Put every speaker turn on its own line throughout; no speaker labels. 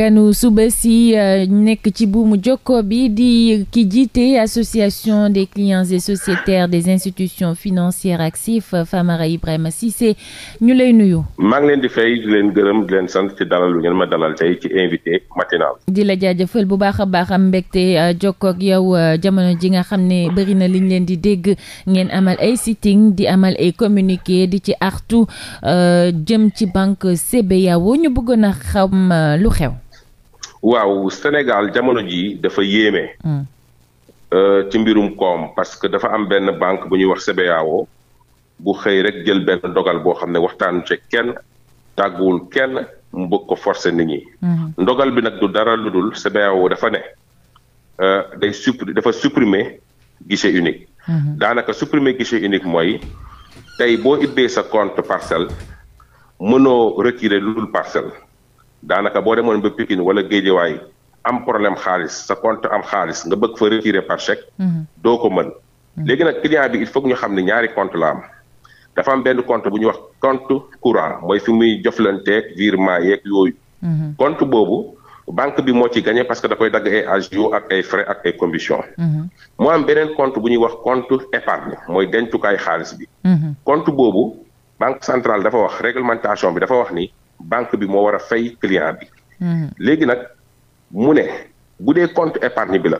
ganu suba si euh, nekk ci buumu jokkoo bi di ki jiite association des clients et sociétaires des institutions financières ak SIF Famara Ibrahima Cissé ñu lay nuyu.
maa leen di fay di leen gërëm leen sant ci dalal lu ngeen ma dalal tey ci invité matinal.
di la jaajëfal bu baax a baax am mbégte euh, jokko yow euh, jamono ji nga xam ne bëri na liñ leen di dégg ngeen amal ay sitting di amal ay communiqué di ci artu jëm ci banque CBAO ñu bëggoon a xam lu xew.
waaw Sénégal jamono jii dafa yéeme. Hmm. Euh, ci mbirum koom parce que dafa am benn banque bu ñuy wax CBAO bu xëy rek jël benn ndogal boo xam ne waxtaan ci kenn tàgguwul kenn mu bëgg ko forcer nit ñi. Hmm. ndogal bi nag du dara lu dul CBAO dafa ne euh, day supprimer dafa supprimer guichet unique. Hmm. daanaka supprimer guichet unique mooy tey boo ibbee sa compte parcelle mënoo retirer lu dul parcelle. daanaka boo demoon ba Pikine wala Géejawaay am problème xaalis sa compte am xaalis nga bëgg fa retirer par chèque. Mhm. doo ko mën. Mhm. léegi nag client bi il faut ñu xam ne ñaari compte la am dafa am benn compte bu ñuy wax compte courant mooy fi muy jëflanteeg virement yeeg yooyu. Mhm. compte boobu banque bi moo ci gagné parce que da dagg ay agio ak ay frais ak mu am beneen compte bu ñuy wax compte épargne mooy dencukaay xaalis bi. compte boobu banque centrale dafa wax réglementation bi dafa wax ni. banque bi moo war a fay client bi. Hmm. léegi nag mu ne bu dee compte épargne bi la.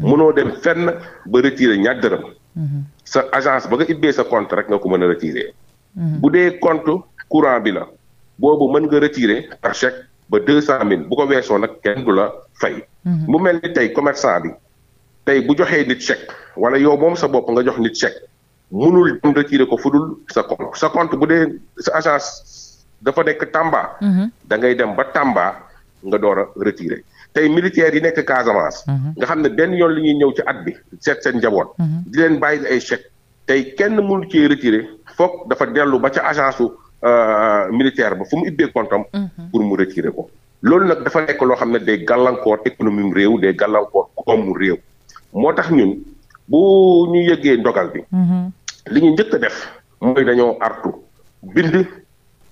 Hmm. mënoo dem fenn ba retirer ñaar dërëm. Hmm. sa agence ba nga ibbee sa compte rek nga ko mën a retirer. bu dee compte courant bi la boobu mën nga retirer par chèque ba deux cent mille bu ko weesoo nag kenn du la fay. mu mel ni tey commerçant bi tey bu joxee nit chèque wala yow moom sa bopp nga jox nit chèque mënul dem retirer ko fudul sa compte sa compte bu dee sa agence. dafa nekk Tamba. Mhm. da ngay dem ba Tamba nga doora a tey militaires yi nekk Casamance. Mhm. nga xam ne benn yoon li ñuy ñëw ci at bi seet seen njaboot. Mhm. di leen bàyyi ay chèque tey kenn mënu ci retiré foog dafa dellu ba ca agence su euh, militaire ba fu mu ubbee comptam pour mu retiré ko. loolu nag dafa nekk loo xam ne day gàllankoor économie réew day gàllankoor koomu réew moo tax ñun bu ñu yëgee ndogal bi. li ñu njëkk a def mooy dañoo artu bind.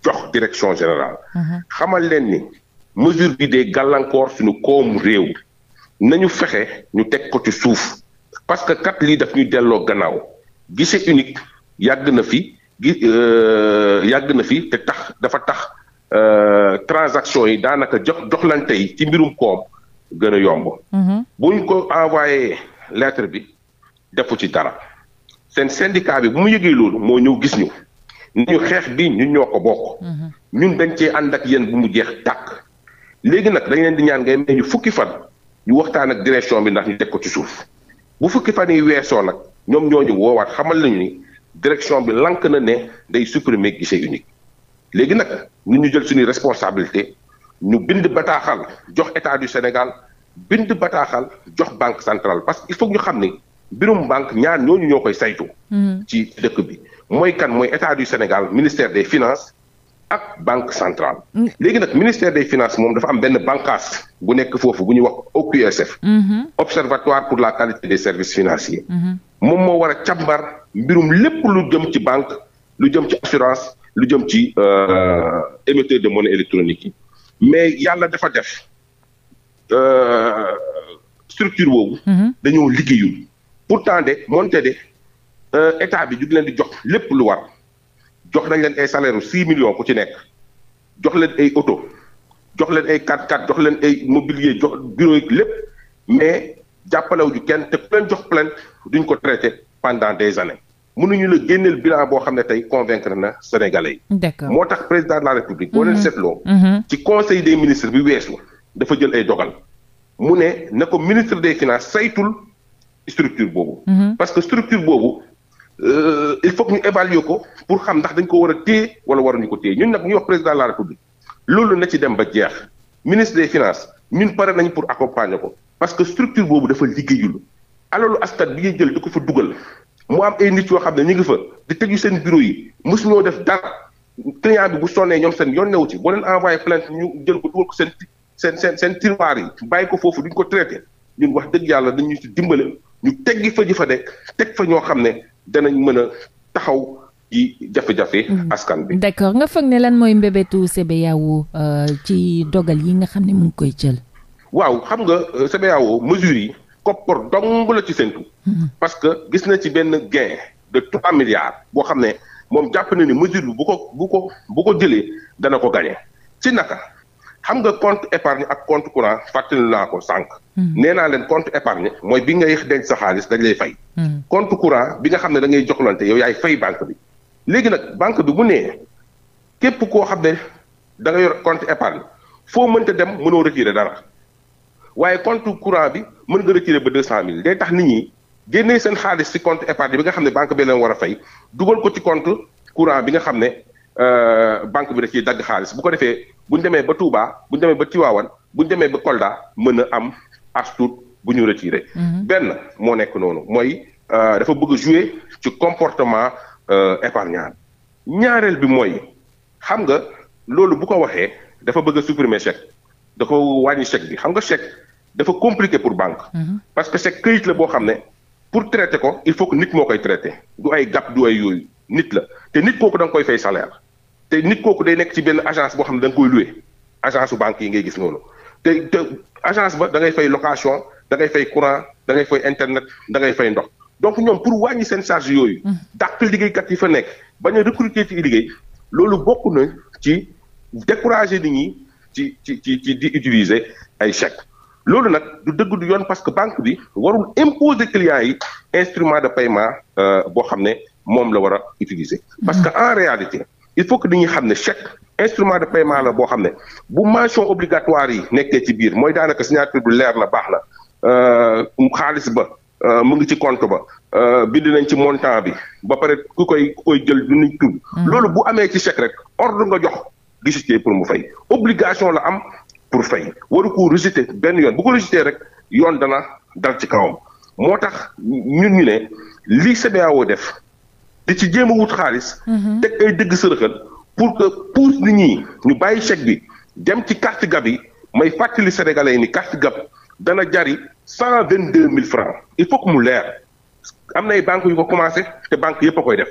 jox direction général mhm. xamal leen ni mesure bi day gàllankoor suñu koomu réew. nañu fexe ñu teg ko ci suuf parce que kat lii daf ñu delloo gannaaw guichet unique yàgg na fi gi euh, yàgg na fi tax dafa tax euh, transaction yi daanaka jox joxlante yi ci mbirum koom gën a yomb. Mhm. buñ ko envoyé lettre bi defu ci dara. seen syndicat bi bu mu yëgee loolu moo ñëw gis ñu. ni xeex bi ñu ñoo ko bokk. ñun dañ cee ànd ak yéen bu mu jeex tàkk. léegi nag dañ leen di ñaan ngay may ñu fukki fan ñu waxtaan ak direction bi ndax ñu teg ko ci suuf bu fukki fan yi weesoo nag ñoom ñooñu woowaat xamal nañu ni direction bi lank na ne day supprimer guichet unique. léegi nag ñun ñu jël suñuy responsabilité ñu bind bataaxal jox état du Sénégal bind bataaxal jox banque centrale parce que il faut ñu xam ni mbirum banque ñaar ñooñu ñoo koy saytu. Mm-hmm. ci dëkk bi. mooy kan mooy état du Sénégal ministère des finances ak banque centrale. Mm. léegi nag ministère des finances moom dafa am benn bànqaas bu nekk foofu bu ñuy wax OQSF. Mm-hmm. observatoire pour la qualité des services financiers. Mm-hmm. moom moo war a càmbar mbirum lépp lu jëm ci banque lu jëm ci assurance lu jëm ci euh, émetteur de monnaie électronique yi mais yàlla dafa def euh, structure boobu. Mm-hmm. dañoo liggéeyul pourtant de monte de. Euh, état bi ñu leen di jox lépp lu war jox nañ leen ay salaire yu 6 millions ku ci nekk jox leen ay oto jox leen ay 4x4 jox leen ay mobilier jox bureau yi lépp mais jàppalewu ju kenn te ku leen jox plainte duñ ko traité pendant des années mënuñu la génneel bilan boo xam ne tey convaincre na Sénégalais moo tax président de la République. boo leen mm-hmm. seetloo. Mm-hmm. ci conseil des ministres bi weesu dafa jël ay dogal. mu ne ne ko ministre des finance saytul structure boobu. Mm-hmm. que structure boobu. Euh, il faut que ñu évaluer ko pour xam ndax dañ ko war a téye wala ñu ko téye ñun nag ñu wax président de la république loolu na ci dem ba jeex ministre des finances ñun pare nañ pour accompagner ko parce que structure boobu dafa liggéeyul alalu askan bi ñuy jël di ko fa dugal mu am ay nit yoo xam ne ñu ngi fa di tëju seen bureau yi mosu def dara client bi bu sonnee ñoom seen yoon newu ci boo envoyé plainte ñu jël ko dugal ko seen seen seen seen yi bàyyi ko foofu duñ ko traité ñun wax dëgg yàlla dañu ci dimbale ñu teggi fa ji fa nekk teg fa ñoo xam ne danañ mën a taxaw ci jafe-jafe. Mm-hmm. askan
bi d'accord nga foog ne lan mooy mbébétu CBAO euh, ci dogal yi nga xam ne mu ngi koy jël.
waaw xam nga euh, CBAO mesures yi koppar dong la ci séntu. Mm-hmm. parce que gis na ci benn gain de trois milliards boo xam ne moom jàpp na ni mesure bu ko bu ko bu ko jëlee dana ko gagné ci naka. am nga compte épargne ak compte courant fàttali naa ko sànq. Hmm. nee naa leen compte épargne mooy bi ngay denc sa xaalis dañ lay fay. Hmm. compte courant bi nga xam ne da ngay joxlante yow yaay fay banque léegi nag banque bi mu nee képp koo xam ne da yor compte épargne foo mënta dem mënoo retirer dara waaye compte courant bi mën nga retirer ba deux cent mille day tax nit ñi génnee seen xaalis ci compte épargne bi nga xam ne banque bi leen war a fay dugal ko ci compte courant bi nga xam ne euh, banque bi da ciy dagg xaalis bu ko defee. bu ñu demee ba Touba bu ñu demee ba Tivaouane bu ñu demee ba Kolda mën a am as tuut bu ñu retiré. Mhm. benn moo nekk noonu mooy euh, dafa bëgg a jouer ci comportement euh, épargnant ñaareel bi mooy xam nga loolu bu ko waxee dafa bëgg a supprimer chèque dafa wàññi chèque bi xam nga chèque dafa compliqué pour banque. Mhm. parce que chèque këyit la boo xam ne pour traiter ko il faut que nit moo koy traité du ay gàpp du ay yooyu nit la te nit kooku da nga koy fay salaire. te nit kooku day nekk ci benn agence boo xam ne da nga koy loué agence su yi ngay gis noonu te agence ba da ngay fay location da ngay fay courant da ngay fay internet dangay fay ndox donc ñoom pour wàññi seen charge yooyu. liggéey liggéeykat yi fa nekk bañ a ti ci liggéey loolu bokk na ci décourager nit ñi ci ci ci ci di utiliser ay chèques. loolu nag du dëgg yoon parce que banque bi warul imposer clients yi instrument de paiement euh, boo xam ne moom la war a utiliser. parce que en réalité. il faut que dañuy xam ne chèque instrument de paiement la boo xam ne bu mention obligatoire yi nekkee ci biir mooy daanaka signature bi leer na baax na euh, xaalis ba euh, mu ngi ci compte ba euh, bind nañ ci montant bi ba pare ku koy ku jël du ñu tudd. Mm. loolu bu amee ci chèque rek ordre nga jox guichetier pour mu fay obligation la am pour fay waru ko rejeter benn yoon bu ko rejeter rek yoon dana dal ci kawam moo tax ñun ñu ne li CBAO def. di ci jéem a wut xaalis. Mhm. teg ay dëgg sërëxal pour que pour nit ñi ñu bàyyi chèque bi dem ci carte gab yi may fàttali sénégalais yi ni carte gab dana jari cent vingt deux mille francs il faut que mu leer am na ay banques yu ko commencé te banque yëpp a koy def.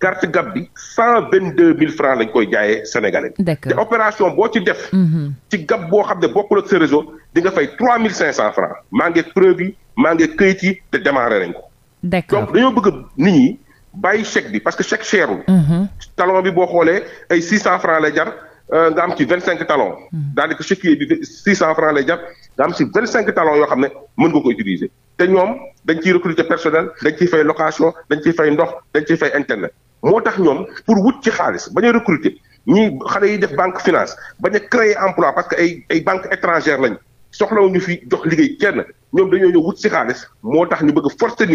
carte gab bi cent vingt deux mille francs lañ koy jaayee sénégalais. te opération boo ci def. Mhm. ci gab boo xam ne bokkul ak sa réseau di nga fay trois mille cinq cent francs maa ngi preuve yi maa ngi yi te démarré nañ ko. donc dañoo bëgg nit ñi. bàyyi chèque bi parce que chèque cherul. Mhm. talon bi bo xoolee ay 600 euh, mhm. francs lay jar nga am ci 25 talons. daanaka chéquier bi 600 francs lay jar am ci 25 talons yoo xam ne mën nga koo utiliser te ñoom dañ ciy recruter personnel dañ ciy fay location dañ ciy fay ndox dañ ciy fay internet moo tax ñoom pour wut ci xaalis bañ a recruter ñi xale yi def banque finance bañ a créer emploi parce que ay ay banque étrangère lañ. soxlawuñu fi jox liggéey kenn ñoom dañoo ñëw wut si xaalis moo tax ñu bëgg a forcer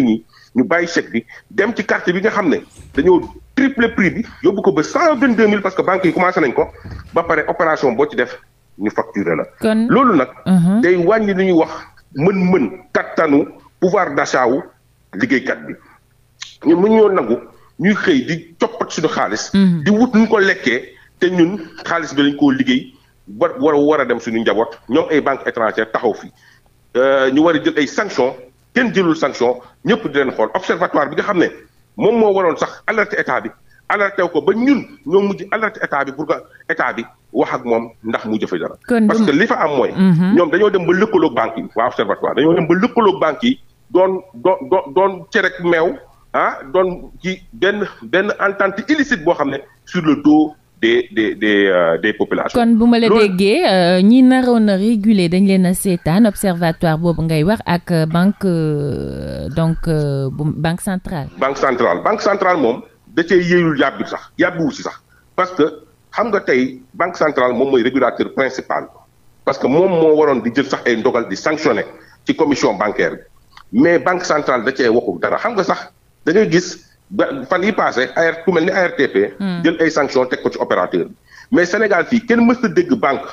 ñu bàyyi chèque bi dem ci quartier bi nga xam ne dañoo triple prix bi yóbbu ko ba cent vingt deux mille parce que banques yi commencé nañ ko ba pare opération boo ci def ñu facturer la. kon loolu nag. Uh-huh. day wàññi li ñuy wax mën-mën kattanu pouvoir d'achat wu liggéeykat bi ñun mënuñoo nangu ñuy xëy di coppat suñu xaalis. Mm-hmm. di wut ñu ko lekkee te ñun xaalis bi lañ koo liggéey. war war war a dem suñu njaboot ñoom ay banque étrangère taxaw fi euh, ñu war a jël ay sanctions kenn jëlul sanction ñëpp di leen xool observatoire bi nga xam ne moom moo waroon sax alerte état bi alerté wu ko ba ñun ñoo mujj alerte état bi pour que état bi wax ak moom ndax mu a dara. parce que li fa am mooy. Mhm. ñoom dañoo dem ba lëkkaloog banque yi waa observatoire dañoo dem ba lëkkaloog banque yi doon doon doon doon cerek meew ah doon ci benn benn entente illicite boo xam ne sur le dos. des des des euh, des populations. kon bu ma la
déggee euh, ñi naroon a réguler dañ leen a seetaan observatoire boobu ngay wax ak euh, banque euh, donc banque centrale.
banque centrale banque centrale moom da cee yéeyul yàbbi sax yàbbiwul si sax parce que xam nga tey banque centrale moom mooy régulateur principal parce que moom moo waroon di jël sax ay ndogal di sanctionner ci commission bancaire bi mais banque centrale da cee waxul dara xam nga sax dañuy gis. ba fan yi passé AR ku mel ni ARTP. Hmm. jël ay sanctions teg ko ci opérateur bi mais Sénégal fii kenn mës na dégg banque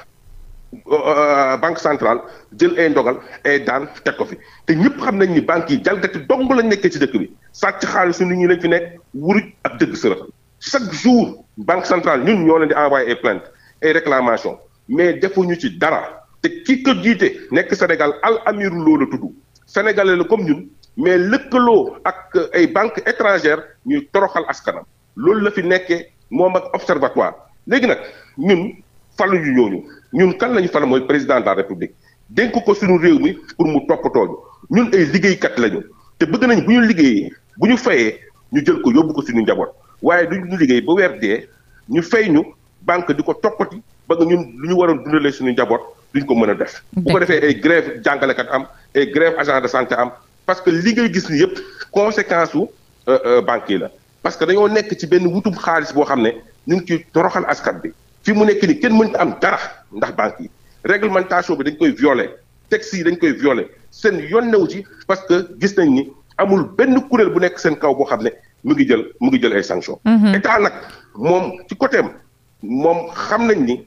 euh, euh, banque centrale jël ay ndogal ay daan teg ko fi te ñëpp xam nañ ni banques yi jalgati dong lañ nekkee ci dëkk bi sàcc xaalisu nit ñi lañ fi nekk wuruj ak dëgg sërëxal chaque jour banque centrale ñun ñoo leen di envoyé ay plainte ay réclamations mais defuñu ci dara te ki ko jiite nekk Sénégal al amiru loola tudd sénégalais la comme ñun mais lëkkaloo ak euh, ay banques étrangères ñuy toroxal askanam loolu la fi nekkee moom ak observatoire léegi nag ñun faluñu ñooñu ñun kan lañu ñu mooy président de la république dénk ko suñu réew mi pour mu toppatoo ñun ay liggéeykat lañu te bëgg nañ bu ñu liggéeyee bu ñu fayee ñu jël ko yóbbu ko suñu njaboot waaye du ñu liggéey ba weer dee ñu fay ñu banque di ko toppati ba nga ñun lu ñu waroon dundalee suñu njaboot duñ ko mën a def. bu ko defee ay grève jàngalekat am ay grève agent de santé am. parce que li ngay gis ni yëpp conséquence su euh, euh, banques yi la parce que dañoo nekk ci benn wutum xaalis boo xam ne ñu ngi ciy toroxal askat bi fi mu nekk nii kenn mënta am dara ndax banques yi réglementation bi dañ koy violer texte yi dañ koy violer seen yoon newu ci parce que gis nañ ni amul benn kuréel bu nekk seen kaw boo xam ne mu ngi jël mu ngi jël ay sanctions. Mm-hmm. état nag moom ci côté am moom xam nañ ni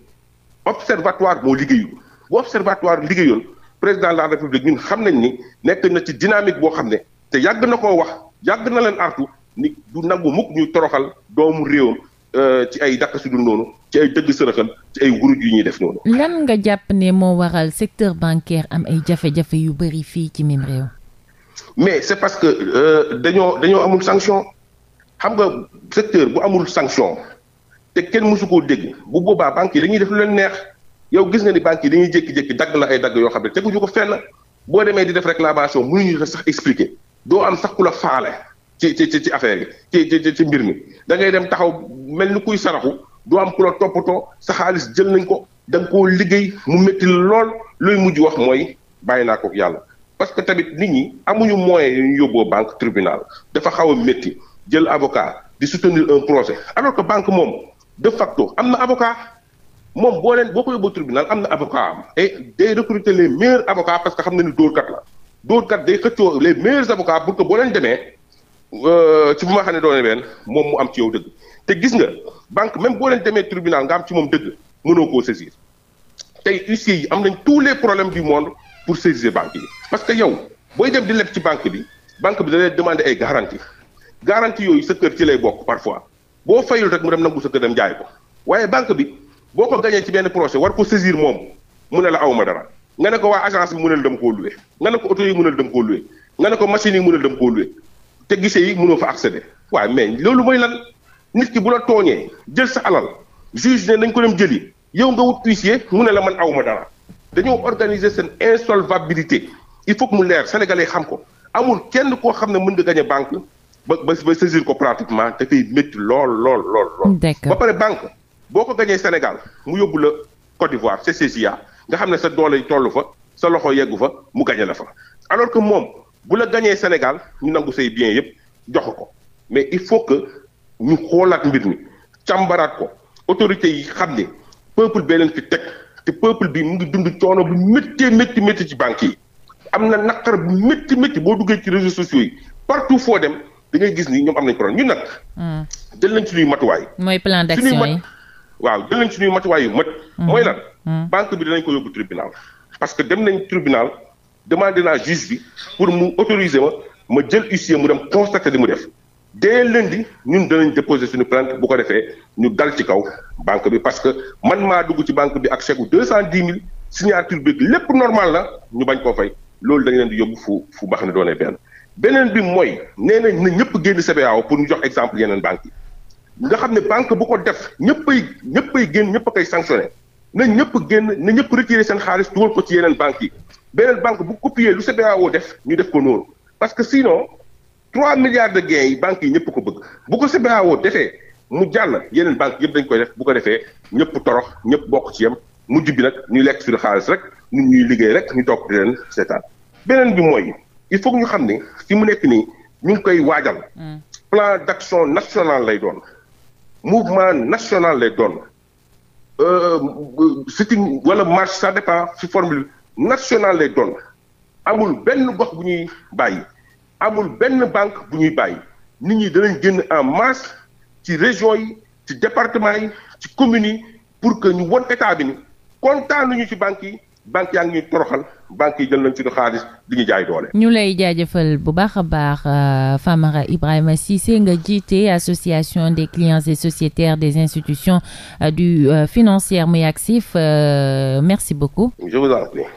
observatoire moo liggéeyul bu observatoire liggéeyoon. président de la république ñun xam nañ ni nekk na ci dynamique boo xam ne te yàgg na koo wax yàgg na leen artu ni du nangu mukk ñuy toroxal doomu réewam euh, ci ay dàq su dul noonu ci ay tëgg sërëxal ci ay wuruj yu ñuy def noonu.
lan nga jàpp ne moo waral secteur bancaire am ay jafe-jafe yu bëri fii ci même réew.
mais c'est parce que euh, dañoo dañoo amul sanction xam nga secteur bu amul sanction te kenn mësu koo dégg bu boobaa banque yi dañuy def lu leen neex. yow gis nga ni banque yi dañuy jékki-jékki dagg la ay dagg yoo xam ne teguñu ko fenn boo demee di def réclamation ñu la sax expliqué doo am sax ku la faale ci ci ci affaire bi ci ci ci mbir mi da ngay dem taxaw mel ni kuy saraxu doo am ku la toppatoo sa xaalis jël nañ ko da nga koo liggéey mu métti lool luy mujj wax mooy bàyyi naa ko yàlla. parce que tamit nit ñi amuñu moyen yu ñu yóbboo banque tribunal dafa xaw a jël avocat di soutenir un projet alors banque moom de facto moom boo leen boo ko yóbbu tribunal am na avocat am et day recruter les meilleurs avocats parce que xam na ni dóorkat la dóorkat day xëccoo les meilleurs avocats pour que boo leen demee euh, ci bu ma xam ne doone benn moom mu am ci yow dëgg te gis nga banque même boo leen demee tribunal nga am ci moom dëgg mënoo koo saisir tey huissier yi am nañ tous les problèmes du monde pour saisir banque yi parce que yow booy dem di leb ci banque bi banque bi da lay ay garantie garanti yooyu sa kër ci lay bokk parfois boo fayul rek mu dem nangu sa kër dem jaay ko waaye banque bi boo ko gañee ci benn projet war ko saisir moom mu ne la awma dara nga ne ko waa agence bi mun ne la dem koo loué nga ne ko oto yi mun ne la dem koo loué ne ko machine yi mu ne dem koo loué te gisee yi mënoo fa accéder waaw mais loolu mooy lan nit ki bu la tooñee jël sa alal juge ne nañ ko dem jëli yow nga wut huissier mu ne la man awma dara dañoo organiser seen insolvabilité il faut mu leer sénégalais xam ko amul kenn koo xam ne mën nga gañe banque ba ba saisir ko pratiquement dafay métti lool lool lool boo ko gañee Sénégal mu yóbbu la Côte d'Ivoire CCJA nga xam ne sa doole tollu fa sa loxo yeggu fa mu gañe la fa alors que moom bu la gañee Sénégal ñu nangu say bien yëpp dox ko mais il faut que ñu xoolaat mbir mi càmbaraat ko autorités yi xam ne peuple bee leen teg te peuple bi mu ngi dund coono bu métti métti métti ci banques yi am na naqar bu métti métti boo duggee ci réseaux sociaux yi partout foo dem da ngay gis ni ñoom am nañ problème ñun nag. Hmm. jël nañ suñuy matuwaay. mooy waaw jël suñuy matuwaay yu mët. Mm-hmm. mooy lan mm-hmm. banque bi dinañ ko yóbbu tribunal. parce que dem nañ tribunal demandé naa juge pour mu autoriser ma ma jël huissier mu dem constater li mu def dès lundi ñun danañ déposer suñu plainte bu ko defee ñu dal ci kaw banque bi parce que man maa dugg ci banque bi ak chèque bu cent dix mille signature bi lépp normal la ñu bañ koo fay loolu dañ leen di yóbbu fu fu baax ne doonee benn beneen bi mooy nee nañ na ñëpp génn CBAO pour ñu jox exemple yeneen banques yi. nga xam ne banque bu ko def ñëppay ñëppay génn ñëpp a koy sanctionné na ñëpp génn na ñëpp retiré seen xaalis dugal ko ci yeneen banques yi beneen banque bu copier lu oo def ñu def ko noonu parce que sinon trois milliards de gains yi banques yi ñëpp ko bëgg bu ko CBAO defee mu jàll yeneen banque yëpp dañ koy def bu ko defee ñëpp torox ñëpp bokk ci yem mujj bi nag ñu lekk suñu xaalis rek nu ñuy liggéey rek ñu toog di leen seetaan beneen bi mooy il faut que ñu xam ne fi mu nekk nii ñu ngi koy waajal hmm. plan d'action national lay doon mouvement national lay doon euh, sit-in wala marche ça dépend ci formule nationale lay doon amul benn gox bu ñuy bàyyi amul benn banque bu ñuy bàyyi nit ñi danañ génn en marche ci région yi ci département yi ci communes yi pour que ñu won état bi ni kontaan nañu ci banque yi banques yaa ngi ñuy toroxal banques yi jël nañ suñu xaalis di ñu jaay doole.
ñu lay jaajëfal bu baax a baax euh, Famara Ibrahima Cissé nga jiite association des clients et sociétaires des institutions euh, du euh, financière muy Axif merci beaucoup.
je vous en prie.